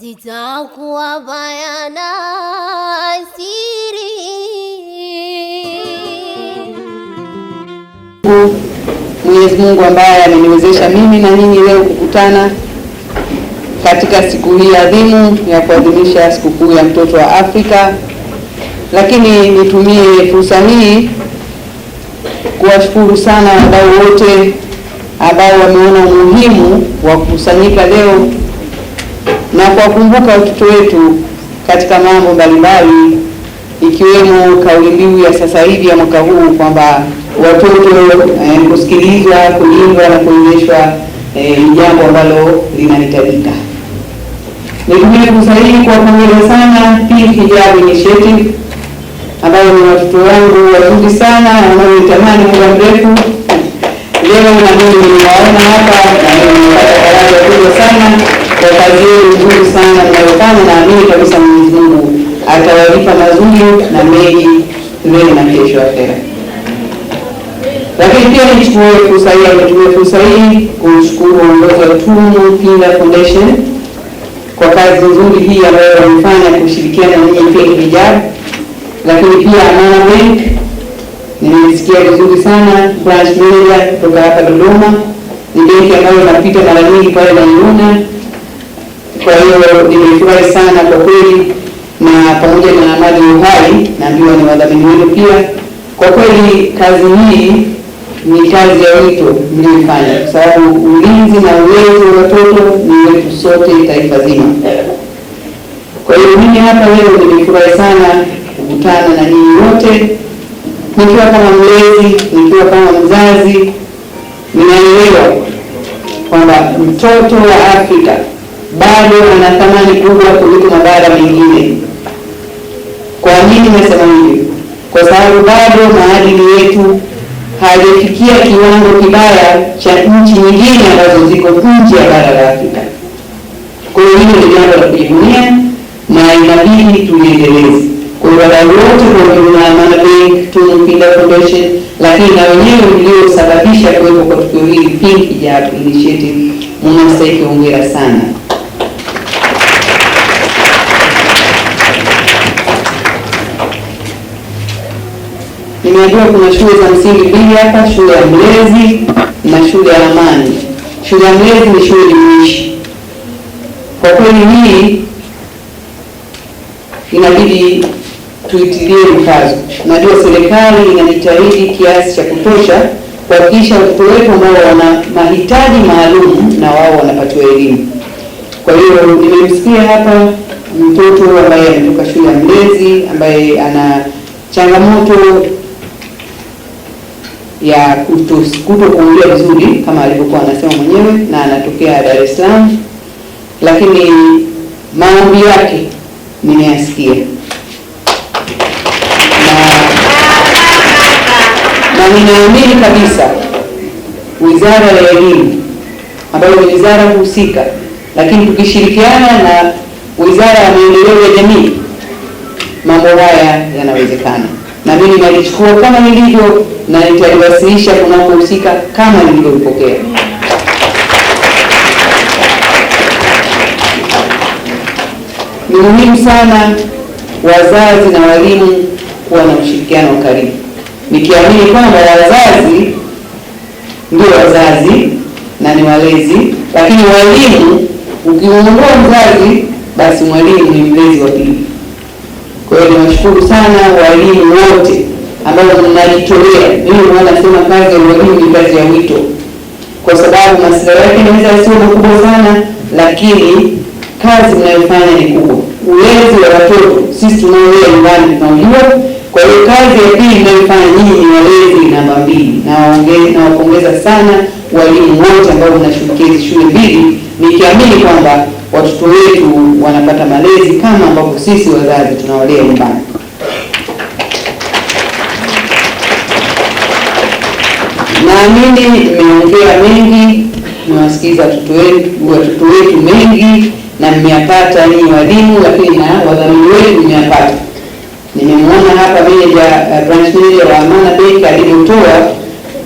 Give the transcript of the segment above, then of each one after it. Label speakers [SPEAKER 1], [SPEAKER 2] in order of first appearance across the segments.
[SPEAKER 1] zitakuwa bayana siri.
[SPEAKER 2] Mwenyezi Mungu ambaye ameniwezesha mimi na nyinyi leo kukutana katika siku hii adhimu ya kuadhimisha sikukuu ya mtoto wa Afrika, lakini nitumie fursa hii kuwashukuru sana wadau wote ambao wameona umuhimu wa kukusanyika leo na kuwakumbuka watoto wetu katika mambo mbalimbali ikiwemo kauli mbiu ya sasa hivi ya mwaka huu kwamba watoto eh, kusikilizwa, kulindwa na kuonyeshwa eh, jambo ambalo linahitajika. Nitumie fursa hii kuwapongeza sana Pink Hijab Initiative ambayo ni watoto wangu wazuri sana nitamani muda mrefu na mimi nimewaona hapa na nimepata faraja kubwa sana kwa kazi yenu nzuri sana mnayofanya. Naamini kabisa Mwenyezi Mungu atawalipa mazuri na mengi mbele na kesho akhera. Lakini pia nichukue fursa hii au fursa hii kumshukuru uongozi wa Tumo Pinda Foundation kwa kazi nzuri hii ambayo wamefanya kushirikiana na nyinyi pia kivijana, lakini pia Amana Bank Nimesikia vizuri sana branch manager kutoka hapa Dodoma. Ni benki ambayo napita mara nyingi pale naiona, kwa hiyo nimefurahi sana kwa kweli, na pamoja na mali uhai naambiwa ni wadhamini wenu pia. Kwa kweli kazi hii ni kazi ya wito mliyoifanya kwa sababu ulinzi na uwezo wa watoto ni wetu sote taifa zima. Kwa hiyo mimi hapa leo nimefurahi sana kukutana na nyinyi wote nikiwa kama mlezi, nikiwa kama mzazi, ninaelewa kwamba mtoto wa Afrika bado ana thamani kubwa kuliko mabara mengine. Kwa nini nasema hivi? Kwa sababu bado maadili yetu hayajafikia kiwango kibaya cha nchi nyingine ambazo ziko nje ya bara la Afrika. Kwa hiyo hilo ni jambo la kujivunia na inabidi tuliendeleze wadau wote kuwajiunga Amana tu Tunupinda Foundation, lakini na wenyewe mliosababisha kuwepo kwa tukio hili Pink Jab Initiative, mnastahili hongera sana. Nimejua kuna shule za msingi mbili hapa, shule ya Mlezi na shule ya Amani. Shule ya Mlezi ni shule jumuishi. Kwa kweli hii inabidi tuitilie mkazo. Najua serikali inajitahidi kiasi cha kutosha kuhakikisha watoto wetu ambao wana mahitaji maalum na wao wanapatiwa elimu. Kwa hiyo nimemsikia hapa mtoto ambaye ametoka shule ya mlezi ambaye ana changamoto ya kuto kuongea vizuri kama alivyokuwa anasema mwenyewe, na anatokea Dar es Salaam, lakini maombi yake nimeyasikia. ninaamini kabisa wizara ya elimu ambayo ni wizara husika, lakini tukishirikiana na wizara ya maendeleo ya jamii mambo haya yanawezekana, na mimi nalichukua kama nilivyo na nitaliwasilisha kunakohusika kama nilivyopokea. Ni muhimu sana wazazi na walimu kuwa na ushirikiano wa karibu nikiamini kwamba wazazi ndio wazazi na ni walezi, lakini walimu, ukiondoa mzazi, basi mwalimu ni mlezi wa pili. Kwa hiyo niwashukuru sana walimu wote ambao mnajitolea. Mimi huwa nasema kazi ya ualimu ni kazi ya wito, kwa sababu maslahi yake inaweza sio makubwa sana, lakini kazi mnayofanya ni kubwa. Ulezi wa watoto sisi tunaolea nyumbani tunaujua kwa hiyo kazi ya pili inayofanya nyinyi ni walezi namba mbili, na nawapongeza sana walimu wote ambao mnashughulikia hizi shule mbili, nikiamini kwamba watoto wetu wanapata malezi kama ambavyo sisi wazazi tunawalea nyumbani. Naamini mmeongea mengi, mmewasikiza watoto wetu mengi na mmeyapata nyinyi walimu, lakini na wadhamini wetu mmeyapata Nimemwona hapa meneja branch eh, manager wa Amana Bank alivyotoa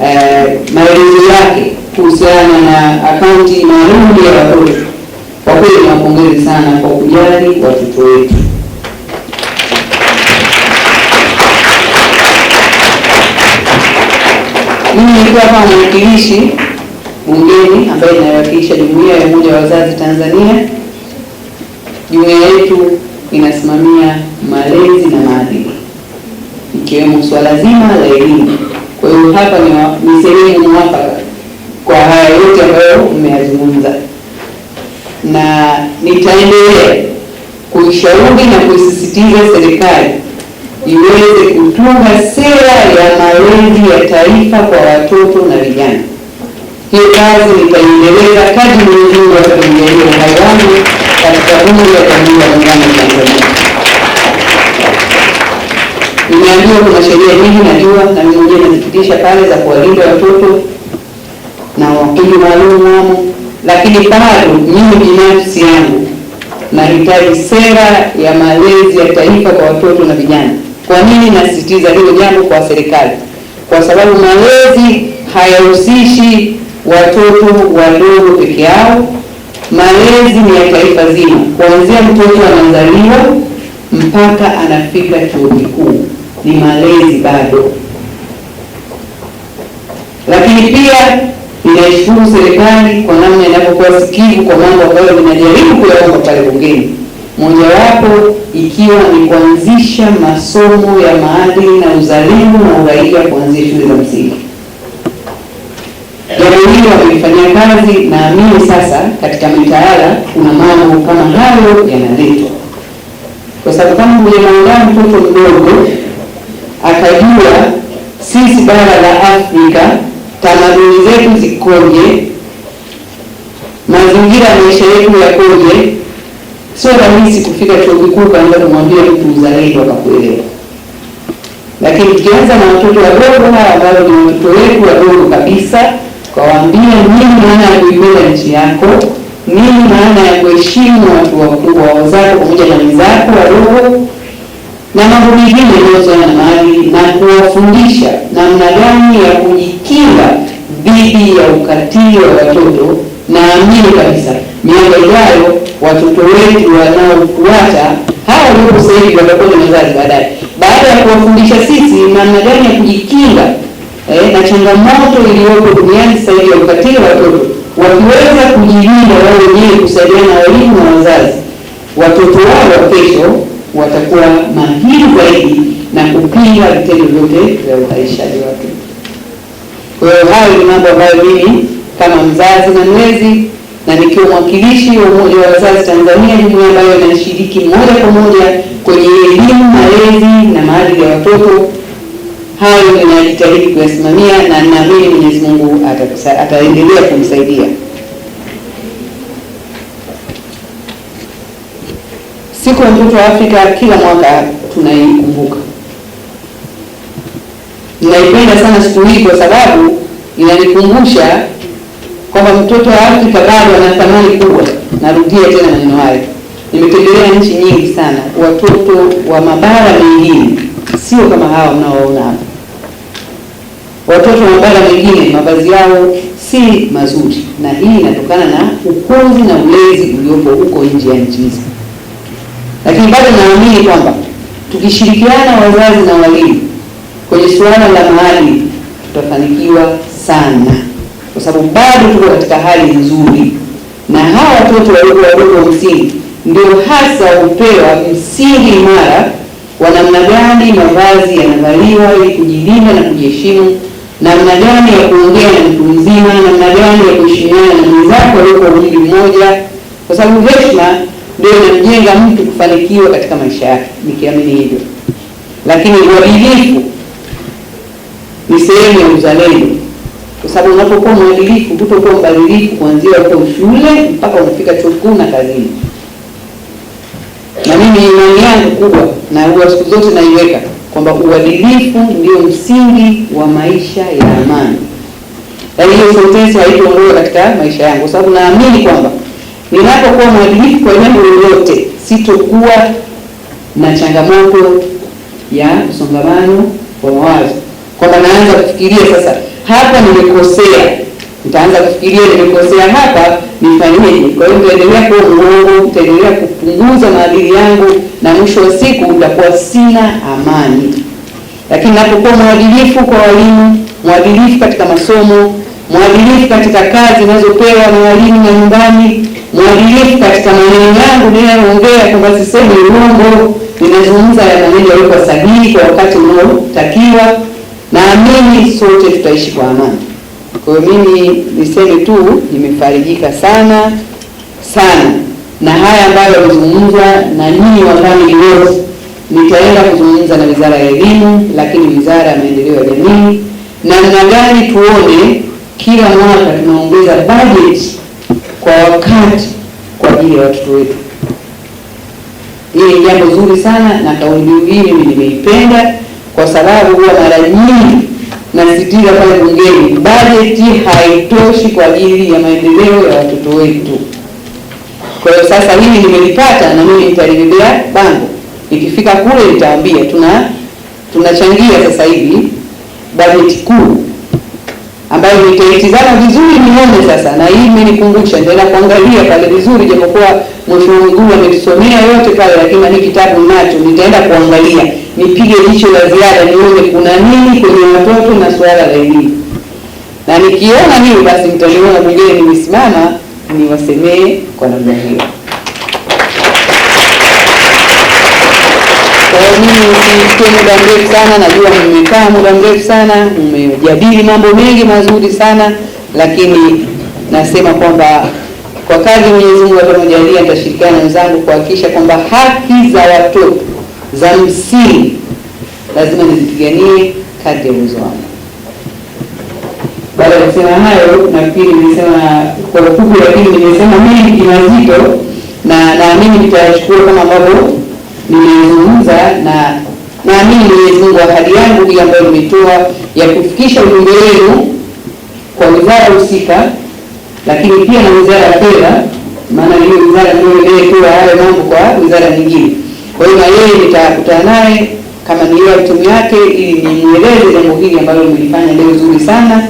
[SPEAKER 2] eh, maelezo yake kuhusiana na akaunti maalum ya watoto. Kwa kweli nawapongezi sana kwa kujali watoto wetu. Mimi nilikuwa kama mwakilishi mwingine ambaye inawakilisha jumuiya ya umoja wa wazazi Tanzania, jumuiya yetu inasimamia malezi na maadili, ikiwemo swala zima la elimu. Kwa hiyo hapa ni sehemu mwafaka kwa haya yote ambayo mmeyazungumza, na nitaendelea kuishauri na kuisisitiza serikali iweze kutunga sera ya malezi ya taifa kwa watoto na vijana. Hiyo kazi nitaiendeleza kadri Mwenyezi Mungu atakaponijalia uhai wangu katika bunge la Jamhuri ya Muungano wa Tanzania. Nimeambiwa kuna sheria nyingi najua, na mimi nazipitisha pale za kuwalinda watoto na wakundi maalum wamo, lakini bado mimi binafsi yangu nahitaji sera ya malezi ya taifa kwa watoto na vijana. Kwa nini nasisitiza hilo jambo kwa serikali? Kwa sababu malezi hayahusishi watoto wadogo peke yao Malezi ni ya taifa zima, kuanzia mtoto anazaliwa mpaka anafika chuo kikuu, ni malezi bado. Lakini pia ninaishukuru serikali kwa namna inavyokuwa sikivu kwa mambo ambayo ninajaribu kuyaomba pale bungeni, mojawapo ikiwa ni kuanzisha masomo ya maadili na uzalimu na uraia kuanzia shule za msingi. Jambo hili wakulifanyia kazi, naamini sasa katika mitaala kuna mambo kama hayo yanaletwa, kwa sababu kama hujamwandaa mtoto mdogo akajua sisi bara la Afrika tamaduni zetu zikoje, mazingira ya maisha yetu yakoje, sio rahisi kufika chuo kikuu kaanza kumwambia mtu uzalendo akakuelewa lakini tukianza na watoto wadogo hawa ambao ni watoto wetu wadogo kabisa, tukawaambia nini maana ya kuipenda nchi yako, nini maana ya kuheshimu watu wakubwa, wazako pamoja na wenzako wa roho na mambo mengine yanayohusiana na mali na kuwafundisha namna gani ya kujikinga dhidi ya ukatili wa watoto. Naamini kabisa miaka ijayo watoto wetu wanaofuata hawa waliopo sasa hivi watakuwa ni wazazi baadaye, baada ya kuwafundisha sisi namna gani ya kujikinga eh, na changamoto iliyopo duniani sasa hivi ya ukatili watoto, wakiweza kujilinda wao wenyewe, kusaidia na walimu na wazazi, watoto wao wa kesho watakuwa mahiri zaidi na kupinga vitendo vyote vya udhalilishaji wake. Kwa hiyo hayo ni mambo ambayo mimi kama mzazi na mlezi na nikiwa mwakilishi wa Umoja wa Wazazi Tanzania, jumuiya ambayo inashiriki moja kwa moja kwenye elimu, malezi na maadili ya watoto hayo inajitahidi kuyasimamia na ninaamini Mwenyezi Mungu ataendelea kumsaidia. Siku ya mtoto wa Afrika kila mwaka tunaikumbuka. Ninaipenda sana siku hii kwa sababu inanikumbusha kwamba mtoto wa Afrika bado ana thamani kubwa. Narudia tena maneno hayo, nimetembelea nchi nyingi sana, watoto wa mabara mengine sio kama hawa mnaoona hapa. Watoto wa bara mengine mavazi yao si mazuri, na hii inatokana na ukuzi na ulezi uliopo huko nje ya nchi Lakini bado naamini kwamba tukishirikiana wazazi na walimu kwenye suala la maadili tutafanikiwa sana, kwa sababu bado tuko katika hali nzuri, na hawa watoto wadogo wadogo msingi ndio hasa hupewa msingi imara wa namna gani mavazi yanavaliwa ili kujilinda na kujiheshimu namna gani ya kuongea na mtu mzima, namna gani ya kuheshimiana na zako walioko mwili mmoja, kwa sababu heshima ndio inamjenga mtu kufanikiwa katika maisha yake, nikiamini hivyo. Lakini uadilifu ni sehemu ya uzalendo, kwa sababu unapokuwa mwadilifu, hutokuwa mbadilifu kuanzia uko shule mpaka unafika chuo kikuu na kazini. Na mimi imani yangu kubwa, na huwa siku zote naiweka kwamba uadilifu ndio msingi wa maisha ya amani. Yaani hiyo sentensi haikuondoka katika maisha yangu, kwa sababu naamini kwamba ninapokuwa mwadilifu kwa jambo lolote, sitokuwa na changamoto ya msongamano wa mawazo, kwamba naanza kufikiria sasa, hapa nimekosea, nitaanza kufikiria nimekosea hapa, nifanyeje? Kwa hiyo nitaendelea kuwa mwongo, nitaendelea kupunguza maadili yangu na mwisho wa siku utakuwa sina amani. Lakini napokuwa mwadilifu kwa walimu, mwadilifu katika masomo, mwadilifu katika kazi ninazopewa na walimu na nyumbani, mwadilifu katika maneno yangu ninayoongea, kwamba sisemi uongo, ninazungumza ya maneno yaliyokuwa sahihi kwa wakati unaotakiwa, naamini sote tutaishi kwa amani. Kwa hiyo mimi niseme tu nimefarijika sana sana na haya ambayo yamezungumzwa na nyinyi wa family wealth nitaenda kuzungumza na Wizara ya Elimu, lakini Wizara ya Maendeleo ya Jamii, namna gani tuone kila mwaka tunaongeza budget kwa wakati kwa ajili ya watoto wetu. Hili ni jambo zuri sana, na kauli hii mimi nimeipenda kwa sababu huwa mara nyingi nasitiza pale bungeni, bajeti haitoshi kwa ajili ya maendeleo ya watoto wetu. Kwa hiyo sasa mimi nimelipata na mimi nitalibebea bango, nikifika kule nitaambia tuna tunachangia sasa hivi bajeti kuu ambayo nitaitizama vizuri nione sasa, na hii imenikumbusha, nitaenda kuangalia pale vizuri, japokuwa mheshimiwa Mwigulu ametusomea yote pale, lakini ni kitabu nacho nitaenda kuangalia, nipige jicho la ziada, nione kuna nini kwenye watoto na suala la elimu, na nikiona nini, basi nitaniona bungeni nimesimama wasemee kwa namna hiyo. Kwa hiyo mimi usichukue muda mrefu sana, najua mmekaa muda mrefu sana, mmejadili mambo mengi mazuri sana, lakini nasema kwamba kwa kazi Mwenyezi Mungu atakayojalia, nitashirikiana na wenzangu kuhakikisha kwamba haki za watoto za msingi lazima nizipiganie kadri ya uwezo wangu. Baada ya kusema hayo, nafikiri nimesema kwa ufupi, lakini nimesema mengi kimazito, na naamini nitayachukua kama ambavyo nimezungumza, na naamini Mwenyezi Mungu ahadi yangu ile ambayo nimetoa ya kufikisha ujumbe wenu kwa wizara husika, lakini pia na wizara ya fedha, maana hiyo wizara ndio haya mambo kwa wizara nyingine. Kwa hiyo na yeye nitakutana naye kama nilivyotumia yake, ili nimueleze jambo hili ambalo mlifanya leo zuri sana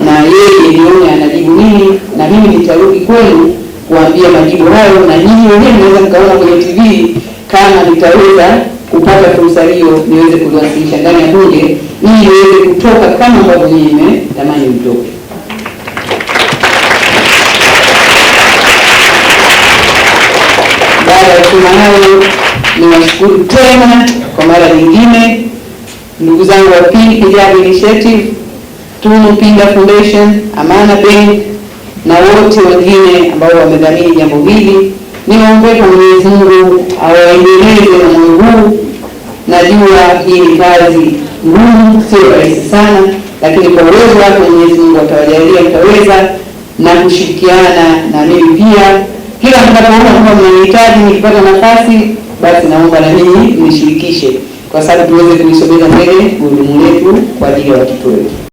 [SPEAKER 2] na yeye nione anajibu nini, na mimi nitarudi kwenu kuambia majibu hayo, na nyinyi wenyewe mnaweza mkaona kwenye TV kama nitaweza kupata fursa hiyo niweze kuliwasilisha ndani ya bunge ili niweze kutoka kama ambavyo nyinyi mmetamani mtoke. Baada ya kusema hayo, niwashukuru tena kwa mara nyingine ndugu zangu wa Pink Initiative Tunu Pinda Foundation, Amana Bank na wote wengine ambao wamedhamini jambo hili. Niwaombe kwa Mwenyezi Mungu awaendeleze na Mungu. Najua hii ni kazi ngumu, sio rahisi sana, lakini kwa uwezo wake Mwenyezi Mungu atawajalia mtaweza na kushirikiana na mimi pia. Kila mtakapoona kwamba mnanihitaji nikipata nafasi, basi naomba na mimi nishirikishe, kwa sababu tuweze kuisogeza mbele gurudumu letu kwa ajili ya watoto wetu.